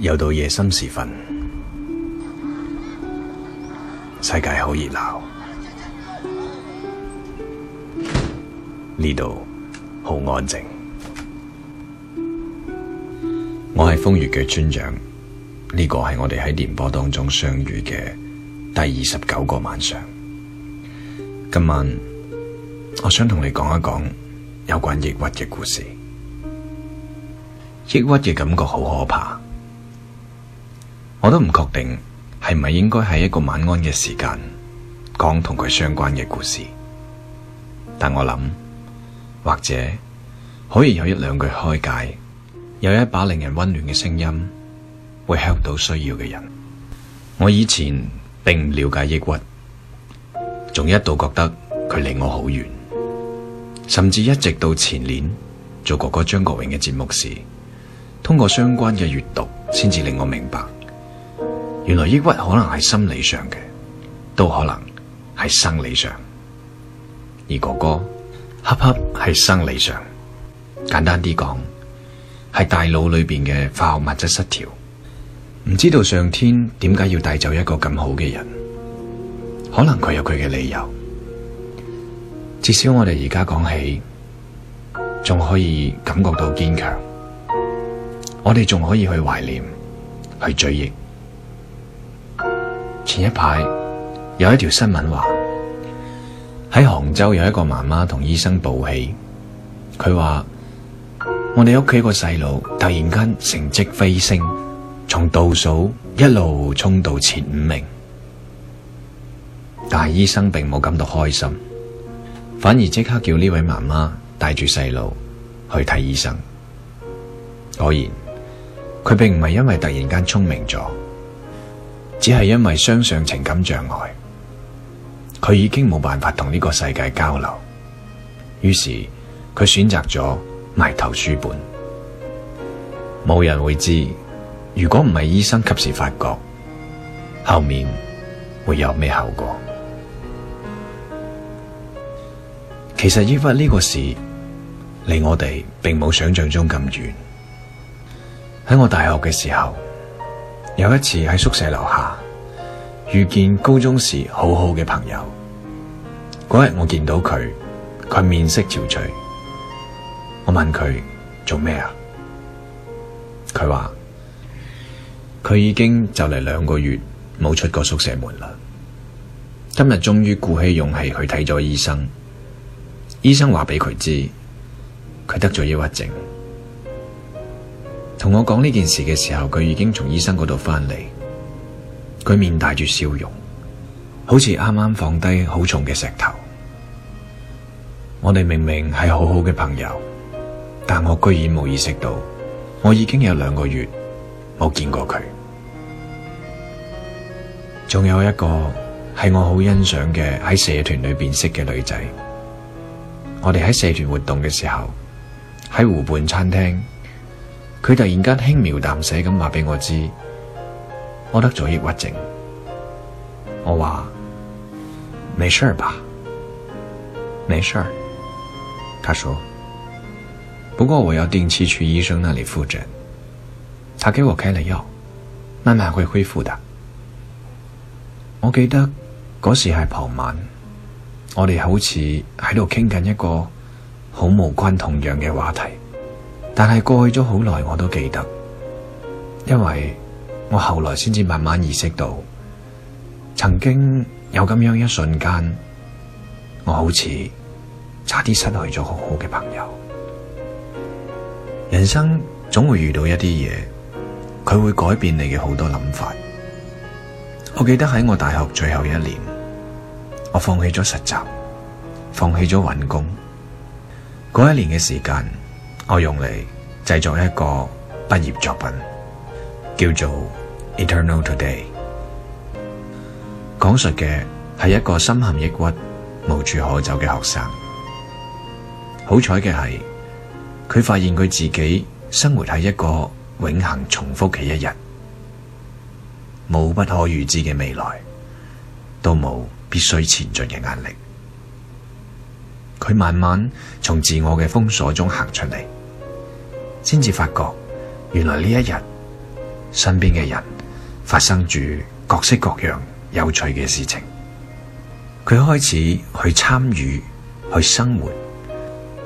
又到夜深時分，世界好熱鬧，呢度好安靜。我係瘋粵嘅村長，呢個係我哋喺電波當中相遇嘅第二十九個晚上。今晚我想同你講一講有關抑鬱嘅故事。抑鬱嘅感覺好可怕。我都唔確定係咪應該喺一個晚安嘅時間講同佢相關嘅故事，但我諗或者可以有一兩句開解，有一把令人溫暖嘅聲音會 help 到需要嘅人。我以前並唔了解抑鬱，仲一度覺得佢離我好遠，甚至一直到前年做哥哥張國榮嘅節目時，通過相關嘅閱讀先至令我明白。原來抑鬱可能係心理上嘅，都可能係生理上。而哥哥，恰恰係生理上，簡單啲講，係大腦裏邊嘅化學物質失調。唔知道上天點解要帶走一個咁好嘅人，可能佢有佢嘅理由。至少我哋而家講起，仲可以感覺到堅強，我哋仲可以去懷念，去追憶。前一排有一條新聞話，喺杭州有一個媽媽同醫生報喜，佢話我哋屋企個細路突然間成績飛升，從倒數一路衝到前五名，但係醫生並冇感到開心，反而即刻叫呢位媽媽帶住細路去睇醫生。果然佢並唔係因為突然間聰明咗。只係因為雙相情感障礙，佢已經冇辦法同呢個世界交流，於是佢選擇咗埋頭書本。冇人會知，如果唔係醫生及時發覺，後面會有咩後果？其實抑鬱呢個事離我哋並冇想象中咁遠。喺我大學嘅時候，有一次喺宿舍樓下遇見高中時好好嘅朋友，嗰日我見到佢，佢面色憔悴。我問佢做咩啊？佢話佢已經就嚟兩個月冇出過宿舍門啦。今日終於鼓起勇氣去睇咗醫生，醫生話俾佢知佢得咗抑鬱症。同我講呢件事嘅時候，佢已經從醫生嗰度翻嚟。佢面帶住笑容，好似啱啱放低好重嘅石頭。我哋明明係好好嘅朋友，但我居然冇意識到，我已經有兩個月冇見過佢。仲有一個係我好欣賞嘅喺社團裏邊識嘅女仔。我哋喺社團活動嘅時候，喺湖畔餐廳。佢突然間輕描淡寫咁話俾我知，我得咗抑鬱症。我話：沒事吧？沒事。他說：不過我要定期去醫生那裏復診。他給我開了藥，慢慢會恢復的。我記得嗰時係傍晚，我哋好似喺度傾緊一個好無關痛癢嘅話題。但係過去咗好耐，我都記得，因為我後來先至慢慢意識到，曾經有咁樣一瞬間，我好似差啲失去咗好好嘅朋友。人生總會遇到一啲嘢，佢會改變你嘅好多諗法。我記得喺我大學最後一年，我放棄咗實習，放棄咗揾工，嗰一年嘅時間。我用嚟製作一個畢業作品，叫做《Eternal Today》，講述嘅係一個深陷抑鬱、無處可走嘅學生。好彩嘅係，佢發現佢自己生活係一個永恒重複嘅一日，冇不可預知嘅未來，都冇必須前進嘅壓力。佢慢慢從自我嘅封鎖中行出嚟。先至發覺，原來呢一日身邊嘅人發生住各式各樣有趣嘅事情。佢開始去參與、去生活、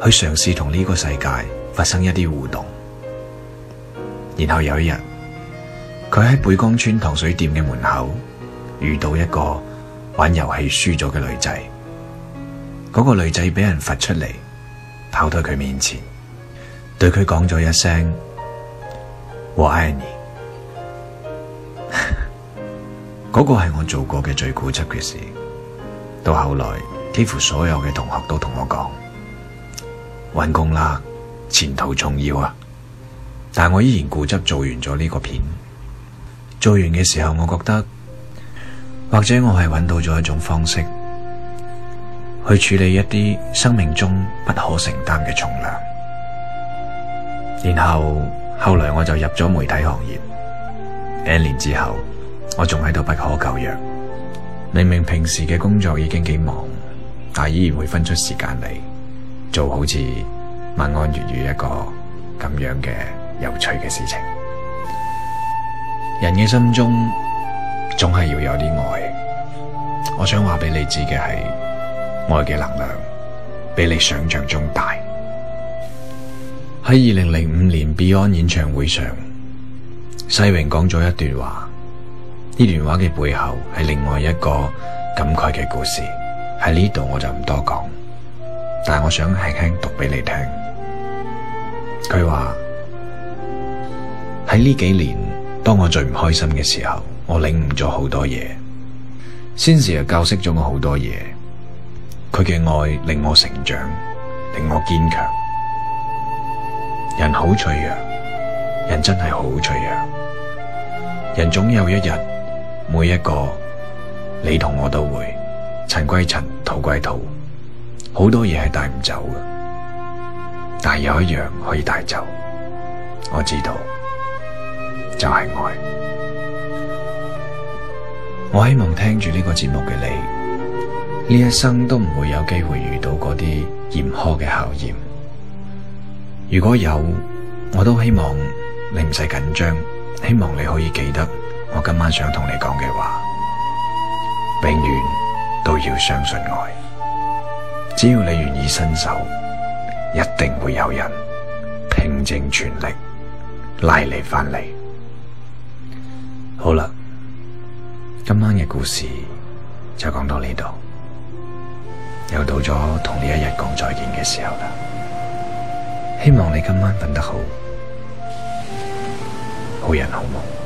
去嘗試同呢個世界發生一啲互動。然後有一日，佢喺貝崗村糖水店嘅門口遇到一個玩遊戲輸咗嘅女仔，嗰、那個女仔俾人罰出嚟，跑到佢面前。對佢講咗一聲，我愛你。嗰個係我做過嘅最固執嘅事。到後來，幾乎所有嘅同學都同我講，揾工啦，前途重要啊。但我依然固執做完咗呢個片。做完嘅時候，我覺得，或者我係揾到咗一種方式，去處理一啲生命中不可承擔嘅重量。然後後來我就入咗媒體行業，N 年之後我仲喺度不可救藥，明明平時嘅工作已經幾忙，但依然會分出時間嚟做好似晚安粵語一個咁樣嘅有趣嘅事情。人嘅心中總係要有啲愛，我想話俾你知嘅係愛嘅能量比你想象中大。喺二零零五年 Beyond 演唱會上，世榮講咗一段話。呢段話嘅背後係另外一個感慨嘅故事，喺呢度我就唔多講。但係我想輕輕讀俾你聽。佢話喺呢幾年，當我最唔開心嘅時候，我領悟咗好多嘢，Cynthia 教識咗我好多嘢。佢嘅愛令我成長，令我堅強。人好脆弱，人真係好脆弱，人總有一日，每一個你同我都會塵歸塵，土歸土，好多嘢係帶唔走嘅，但係有一樣可以帶走，我知道就係愛。我希望聽住呢個節目嘅你，呢一生都唔會有機會遇到嗰啲嚴苛嘅考驗。如果有，我都希望你唔使緊張，希望你可以記得我今晚想同你講嘅話，永遠都要相信愛，只要你願意伸手，一定會有人拼盡全力拉你翻嚟。好啦，今晚嘅故事就講到呢度，又到咗同呢一日講再見嘅時候啦。希望你今晚瞓得好，好人好夢。